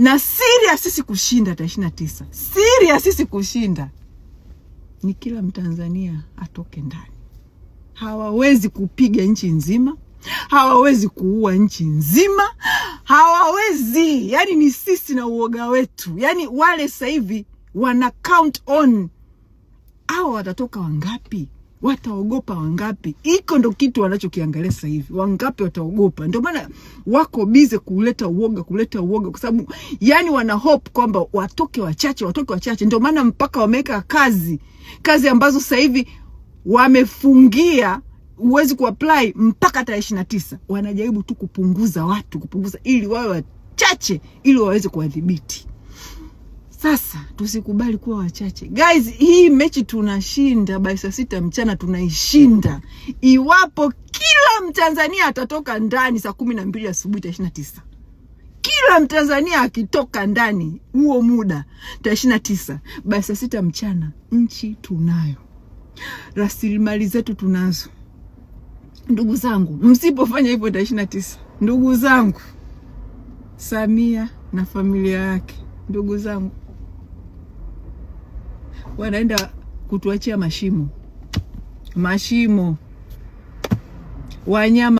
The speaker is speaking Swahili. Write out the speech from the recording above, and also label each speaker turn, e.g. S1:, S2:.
S1: na siri ya sisi kushinda tarehe ishirini na tisa, siri ya sisi kushinda ni kila Mtanzania atoke ndani. Hawawezi kupiga nchi nzima, hawawezi kuua nchi nzima, hawawezi. Yani ni sisi na uoga wetu. Yani wale sasa hivi wana count on hawa watatoka wangapi? wataogopa wangapi? hiko ndo kitu wanachokiangalia sasa hivi, wangapi wataogopa? Ndio maana wako bize kuleta uoga, kuleta uoga, kwa sababu yani wana hope kwamba watoke wachache, watoke wachache. Ndio maana mpaka wameweka kazi, kazi ambazo sasa hivi wamefungia huwezi kuapply mpaka tarehe ishirini na tisa. Wanajaribu tu kupunguza watu, kupunguza ili wawe wachache, ili waweze kuwadhibiti. Sasa tusikubali kuwa wachache guys. Hii mechi tunashinda by saa sita mchana, tunaishinda iwapo kila Mtanzania atatoka ndani saa kumi na mbili asubuhi tarehe ishirini na tisa. Kila Mtanzania akitoka ndani huo muda tarehe ishirini na tisa by saa sita mchana, nchi tunayo, rasilimali zetu tunazo. Ndugu zangu, msipofanya hivyo tarehe ishirini na tisa, ndugu zangu, Samia na familia yake, ndugu zangu wanaenda kutuachia mashimo, mashimo, wanyama.